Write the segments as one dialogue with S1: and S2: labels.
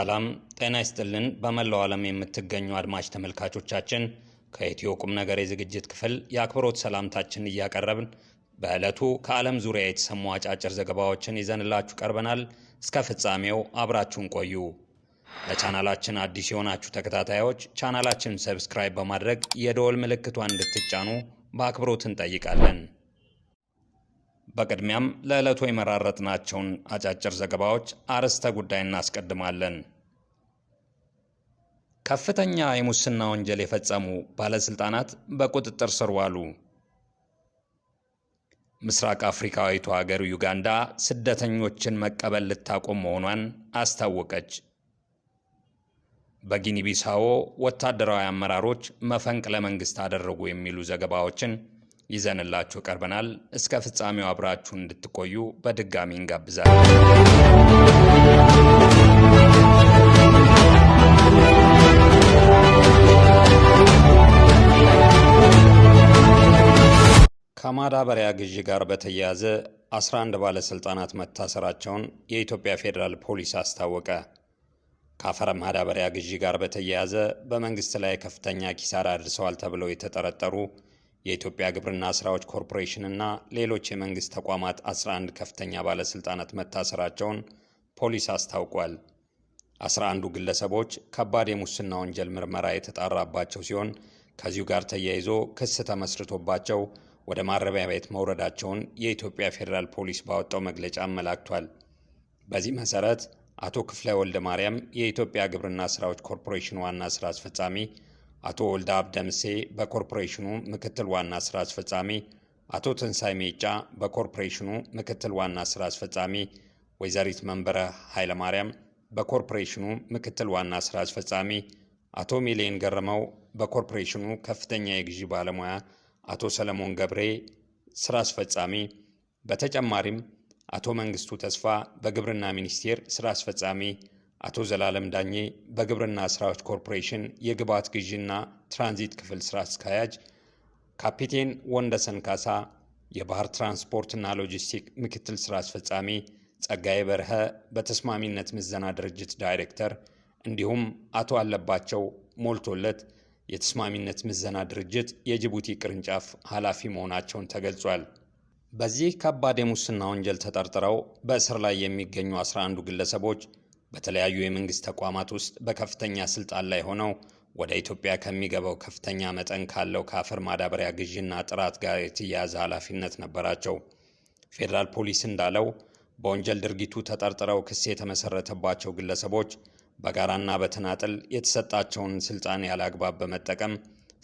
S1: ሰላም ጤና ይስጥልን። በመላው ዓለም የምትገኙ አድማጭ ተመልካቾቻችን ከኢትዮ ቁም ነገር የዝግጅት ክፍል የአክብሮት ሰላምታችን እያቀረብን በዕለቱ ከዓለም ዙሪያ የተሰሙ አጫጭር ዘገባዎችን ይዘንላችሁ ቀርበናል። እስከ ፍጻሜው አብራችሁን ቆዩ። ለቻናላችን አዲስ የሆናችሁ ተከታታዮች ቻናላችን ሰብስክራይብ በማድረግ የደወል ምልክቷን እንድትጫኑ በአክብሮት እንጠይቃለን። በቅድሚያም ለዕለቱ የመራረጥናቸውን አጫጭር ዘገባዎች አርዕስተ ጉዳይ እናስቀድማለን። ከፍተኛ የሙስና ወንጀል የፈጸሙ ባለስልጣናት በቁጥጥር ስር ዋሉ። ምስራቅ አፍሪካዊቱ ሀገር ዩጋንዳ ስደተኞችን መቀበል ልታቆም መሆኗን አስታወቀች። በጊኒቢሳዎ ቢሳዎ ወታደራዊ አመራሮች መፈንቅለ መንግስት አደረጉ የሚሉ ዘገባዎችን ይዘንላችሁ ቀርበናል። እስከ ፍጻሜው አብራችሁ እንድትቆዩ በድጋሚ እንጋብዛለን። ከማዳበሪያ ግዢ ጋር በተያያዘ 11 ባለሥልጣናት መታሰራቸውን የኢትዮጵያ ፌዴራል ፖሊስ አስታወቀ። ከአፈር ማዳበሪያ ግዢ ጋር በተያያዘ በመንግሥት ላይ ከፍተኛ ኪሳራ አድርሰዋል ተብለው የተጠረጠሩ የኢትዮጵያ ግብርና ስራዎች ኮርፖሬሽን እና ሌሎች የመንግስት ተቋማት 11 ከፍተኛ ባለስልጣናት መታሰራቸውን ፖሊስ አስታውቋል። 11ዱ ግለሰቦች ከባድ የሙስና ወንጀል ምርመራ የተጣራባቸው ሲሆን ከዚሁ ጋር ተያይዞ ክስ ተመስርቶባቸው ወደ ማረቢያ ቤት መውረዳቸውን የኢትዮጵያ ፌዴራል ፖሊስ ባወጣው መግለጫ አመላክቷል። በዚህ መሰረት አቶ ክፍለ ወልደ ማርያም የኢትዮጵያ ግብርና ስራዎች ኮርፖሬሽን ዋና ስራ አስፈጻሚ አቶ ወልደ አብደምሴ በኮርፖሬሽኑ ምክትል ዋና ስራ አስፈጻሚ፣ አቶ ትንሳይ ሜጫ በኮርፖሬሽኑ ምክትል ዋና ስራ አስፈጻሚ፣ ወይዘሪት መንበረ ኃይለማርያም በኮርፖሬሽኑ ምክትል ዋና ስራ አስፈጻሚ፣ አቶ ሚሊየን ገረመው በኮርፖሬሽኑ ከፍተኛ የግዢ ባለሙያ፣ አቶ ሰለሞን ገብሬ ስራ አስፈጻሚ፣ በተጨማሪም አቶ መንግስቱ ተስፋ በግብርና ሚኒስቴር ስራ አስፈጻሚ አቶ ዘላለም ዳኜ በግብርና ስራዎች ኮርፖሬሽን የግብዓት ግዢና ትራንዚት ክፍል ስራ አስኪያጅ፣ ካፒቴን ወንደሰን ካሳ የባህር ትራንስፖርትና ሎጂስቲክ ምክትል ስራ አስፈጻሚ፣ ጸጋዬ በርሀ በተስማሚነት ምዘና ድርጅት ዳይሬክተር፣ እንዲሁም አቶ አለባቸው ሞልቶለት የተስማሚነት ምዘና ድርጅት የጅቡቲ ቅርንጫፍ ኃላፊ መሆናቸውን ተገልጿል። በዚህ ከባድ የሙስና ወንጀል ተጠርጥረው በእስር ላይ የሚገኙ 11 ግለሰቦች በተለያዩ የመንግስት ተቋማት ውስጥ በከፍተኛ ስልጣን ላይ ሆነው ወደ ኢትዮጵያ ከሚገባው ከፍተኛ መጠን ካለው ከአፈር ማዳበሪያ ግዥና ጥራት ጋር የተያያዘ ኃላፊነት ነበራቸው። ፌዴራል ፖሊስ እንዳለው በወንጀል ድርጊቱ ተጠርጥረው ክስ የተመሰረተባቸው ግለሰቦች በጋራና በተናጥል የተሰጣቸውን ስልጣን ያለ አግባብ በመጠቀም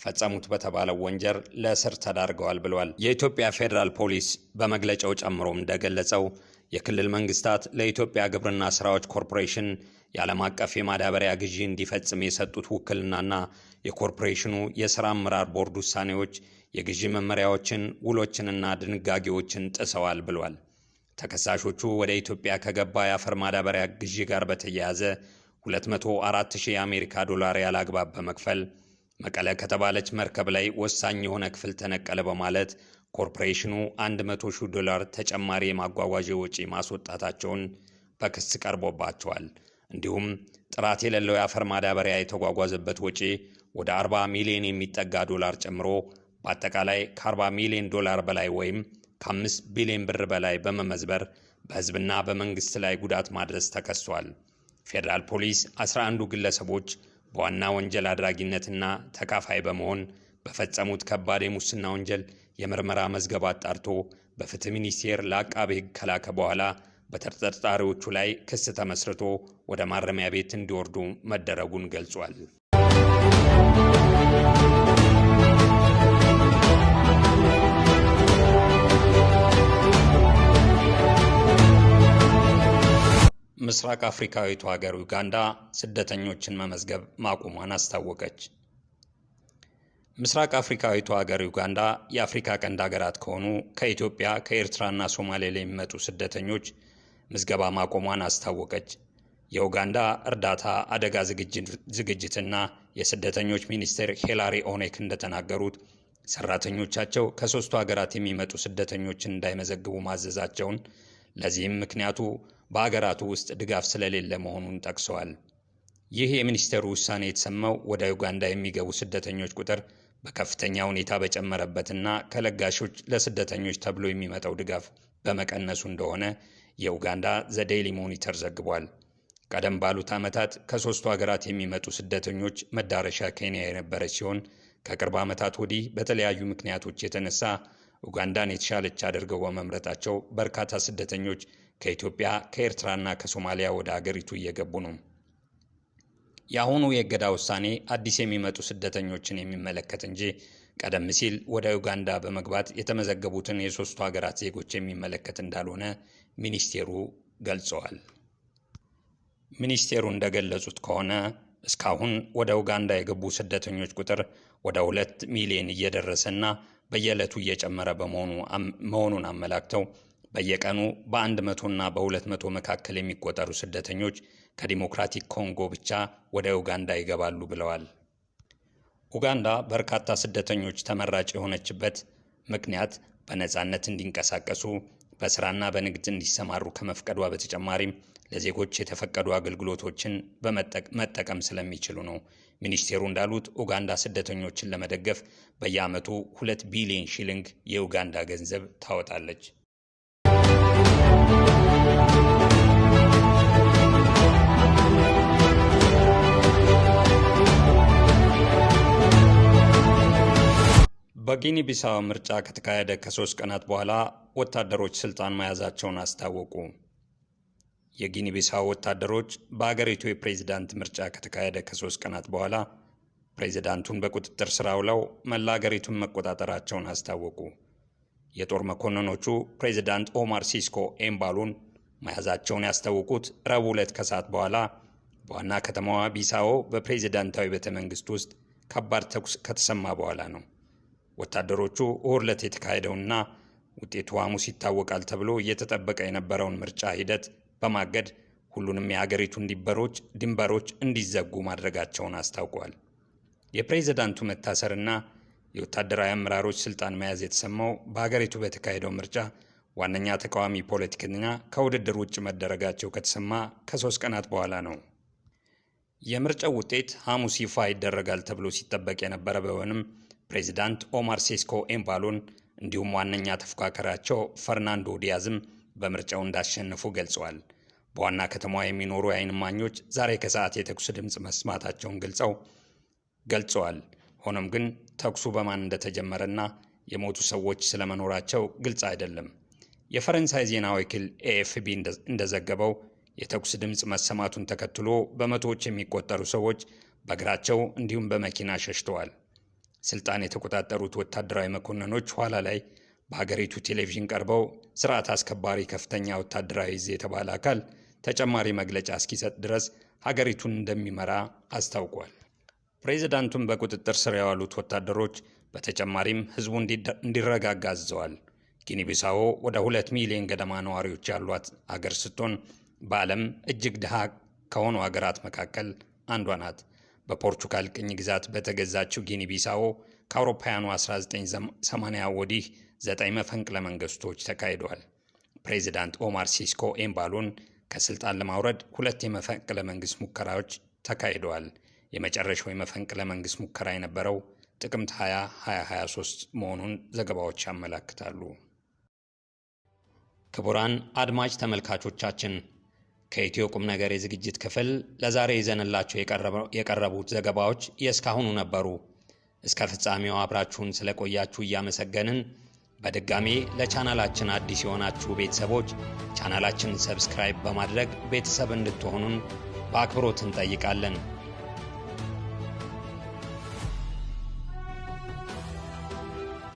S1: ፈጸሙት በተባለው ወንጀል ለእስር ተዳርገዋል ብሏል። የኢትዮጵያ ፌዴራል ፖሊስ በመግለጫው ጨምሮም እንደገለጸው የክልል መንግስታት ለኢትዮጵያ ግብርና ስራዎች ኮርፖሬሽን የዓለም አቀፍ የማዳበሪያ ግዢ እንዲፈጽም የሰጡት ውክልናና የኮርፖሬሽኑ የሥራ አመራር ቦርድ ውሳኔዎች የግዢ መመሪያዎችን ውሎችንና ድንጋጌዎችን ጥሰዋል ብሏል። ተከሳሾቹ ወደ ኢትዮጵያ ከገባ የአፈር ማዳበሪያ ግዢ ጋር በተያያዘ 204,000 የአሜሪካ ዶላር ያላግባብ በመክፈል መቀለ ከተባለች መርከብ ላይ ወሳኝ የሆነ ክፍል ተነቀለ በማለት ኮርፖሬሽኑ 100 ሺህ ዶላር ተጨማሪ የማጓጓዣ ወጪ ማስወጣታቸውን በክስ ቀርቦባቸዋል። እንዲሁም ጥራት የሌለው የአፈር ማዳበሪያ የተጓጓዘበት ወጪ ወደ 40 ሚሊዮን የሚጠጋ ዶላር ጨምሮ በአጠቃላይ ከ40 ሚሊዮን ዶላር በላይ ወይም ከ5 ቢሊዮን ብር በላይ በመመዝበር በሕዝብና በመንግስት ላይ ጉዳት ማድረስ ተከሷል። ፌዴራል ፖሊስ 11ዱ ግለሰቦች በዋና ወንጀል አድራጊነትና ተካፋይ በመሆን በፈጸሙት ከባድ የሙስና ወንጀል የምርመራ መዝገብ አጣርቶ በፍትህ ሚኒስቴር ለአቃቤ ሕግ ከላከ በኋላ በተጠርጣሪዎቹ ላይ ክስ ተመስርቶ ወደ ማረሚያ ቤት እንዲወርዱ መደረጉን ገልጿል። ምስራቅ አፍሪካዊቱ ሀገር ዩጋንዳ ስደተኞችን መመዝገብ ማቆሟን አስታወቀች። ምስራቅ አፍሪካዊቱ ሀገር ዩጋንዳ የአፍሪካ ቀንድ ሀገራት ከሆኑ ከኢትዮጵያ ከኤርትራና ሶማሌ ላይ የሚመጡ ስደተኞች ምዝገባ ማቆሟን አስታወቀች። የኡጋንዳ እርዳታ አደጋ ዝግጅትና የስደተኞች ሚኒስትር ሄላሪ ኦኔክ እንደተናገሩት ሰራተኞቻቸው ከሶስቱ ሀገራት የሚመጡ ስደተኞችን እንዳይመዘግቡ ማዘዛቸውን፣ ለዚህም ምክንያቱ በሀገራቱ ውስጥ ድጋፍ ስለሌለ መሆኑን ጠቅሰዋል። ይህ የሚኒስቴሩ ውሳኔ የተሰማው ወደ ዩጋንዳ የሚገቡ ስደተኞች ቁጥር በከፍተኛ ሁኔታ በጨመረበትና ከለጋሾች ለስደተኞች ተብሎ የሚመጣው ድጋፍ በመቀነሱ እንደሆነ የኡጋንዳ ዘዴይሊ ሞኒተር ዘግቧል። ቀደም ባሉት ዓመታት ከሦስቱ ሀገራት የሚመጡ ስደተኞች መዳረሻ ኬንያ የነበረች ሲሆን ከቅርብ ዓመታት ወዲህ በተለያዩ ምክንያቶች የተነሳ ኡጋንዳን የተሻለች አድርገው በመምረጣቸው በርካታ ስደተኞች ከኢትዮጵያ፣ ከኤርትራና ከሶማሊያ ወደ አገሪቱ እየገቡ ነው። የአሁኑ የእገዳ ውሳኔ አዲስ የሚመጡ ስደተኞችን የሚመለከት እንጂ ቀደም ሲል ወደ ዩጋንዳ በመግባት የተመዘገቡትን የሶስቱ ሀገራት ዜጎች የሚመለከት እንዳልሆነ ሚኒስቴሩ ገልጸዋል። ሚኒስቴሩ እንደገለጹት ከሆነ እስካሁን ወደ ኡጋንዳ የገቡ ስደተኞች ቁጥር ወደ ሁለት ሚሊዮን እየደረሰና በየዕለቱ እየጨመረ መሆኑን አመላክተው በየቀኑ በአንድ መቶና በሁለት መቶ መካከል የሚቆጠሩ ስደተኞች ከዲሞክራቲክ ኮንጎ ብቻ ወደ ኡጋንዳ ይገባሉ ብለዋል። ኡጋንዳ በርካታ ስደተኞች ተመራጭ የሆነችበት ምክንያት በነፃነት እንዲንቀሳቀሱ በስራና በንግድ እንዲሰማሩ ከመፍቀዷ በተጨማሪም ለዜጎች የተፈቀዱ አገልግሎቶችን መጠቀም ስለሚችሉ ነው። ሚኒስቴሩ እንዳሉት ኡጋንዳ ስደተኞችን ለመደገፍ በየዓመቱ ሁለት ቢሊዮን ሺሊንግ የኡጋንዳ ገንዘብ ታወጣለች። በጊኒ ቢሳዋ ምርጫ ከተካሄደ ከሶስት ቀናት በኋላ ወታደሮች ስልጣን መያዛቸውን አስታወቁ። የጊኒ ቢሳው ወታደሮች በአገሪቱ የፕሬዝዳንት ምርጫ ከተካሄደ ከሶስት ቀናት በኋላ ፕሬዝዳንቱን በቁጥጥር ስር አውለው መላ አገሪቱን መቆጣጠራቸውን አስታወቁ። የጦር መኮንኖቹ ፕሬዝዳንት ኦማር ሲስኮ ኤምባሉን መያዛቸውን ያስታወቁት ረቡዕ ዕለት ከሰዓት በኋላ በዋና ከተማዋ ቢሳዎ በፕሬዝዳንታዊ ቤተ መንግስት ውስጥ ከባድ ተኩስ ከተሰማ በኋላ ነው። ወታደሮቹ ኦርለት የተካሄደውና ውጤቱ ሐሙስ ይታወቃል ተብሎ እየተጠበቀ የነበረውን ምርጫ ሂደት በማገድ ሁሉንም የአገሪቱ ድንበሮች ድንበሮች እንዲዘጉ ማድረጋቸውን አስታውቋል። የፕሬዝዳንቱ መታሰርና የወታደራዊ አመራሮች ስልጣን መያዝ የተሰማው በሀገሪቱ በተካሄደው ምርጫ ዋነኛ ተቃዋሚ ፖለቲከኛ ከውድድር ውጭ መደረጋቸው ከተሰማ ከሶስት ቀናት በኋላ ነው። የምርጫው ውጤት ሐሙስ ይፋ ይደረጋል ተብሎ ሲጠበቅ የነበረ ቢሆንም ፕሬዚዳንት ኦማር ሴስኮ ኤምባሎን እንዲሁም ዋነኛ ተፎካካሪያቸው ፈርናንዶ ዲያዝም በምርጫው እንዳሸነፉ ገልጸዋል። በዋና ከተማዋ የሚኖሩ የዓይን እማኞች ዛሬ ከሰዓት የተኩስ ድምፅ መስማታቸውን ገልጸው ገልጸዋል። ሆኖም ግን ተኩሱ በማን እንደተጀመረና የሞቱ ሰዎች ስለመኖራቸው ግልጽ አይደለም። የፈረንሳይ ዜና ወኪል ኤኤፍቢ እንደዘገበው የተኩስ ድምፅ መሰማቱን ተከትሎ በመቶዎች የሚቆጠሩ ሰዎች በእግራቸው እንዲሁም በመኪና ሸሽተዋል። ስልጣን የተቆጣጠሩት ወታደራዊ መኮንኖች ኋላ ላይ በሀገሪቱ ቴሌቪዥን ቀርበው ስርዓት አስከባሪ ከፍተኛ ወታደራዊ እዝ የተባለ አካል ተጨማሪ መግለጫ እስኪሰጥ ድረስ ሀገሪቱን እንደሚመራ አስታውቋል። ፕሬዚዳንቱም በቁጥጥር ስር የዋሉት ወታደሮች በተጨማሪም ህዝቡ እንዲረጋጋ አዘዋል። ጊኒቢሳዎ ወደ ሁለት ሚሊዮን ገደማ ነዋሪዎች ያሏት አገር ስትሆን በዓለም እጅግ ድሃ ከሆኑ አገራት መካከል አንዷ ናት። በፖርቹጋል ቅኝ ግዛት በተገዛችው ጊኒ ከአውሮፓውያኑ 1980 ወዲህ ዘጠኝ መፈንቅለ መንግስቶች ተካሂደዋል። ፕሬዚዳንት ኦማር ሲስኮ ኤምባሎን ከስልጣን ለማውረድ ሁለት የመፈንቅለ መንግስት ሙከራዎች ተካሂደዋል። የመጨረሻው የመፈንቅለ መንግስት ሙከራ የነበረው ጥቅምት 20 2023 መሆኑን ዘገባዎች ያመላክታሉ። ክቡራን አድማጭ ተመልካቾቻችን ከኢትዮ ቁም ነገር የዝግጅት ክፍል ለዛሬ ይዘንላቸው የቀረቡት ዘገባዎች የእስካሁኑ ነበሩ። እስከ ፍጻሜው አብራችሁን ስለቆያችሁ እያመሰገንን በድጋሜ ለቻናላችን አዲስ የሆናችሁ ቤተሰቦች ቻናላችንን ሰብስክራይብ በማድረግ ቤተሰብ እንድትሆኑን በአክብሮት እንጠይቃለን።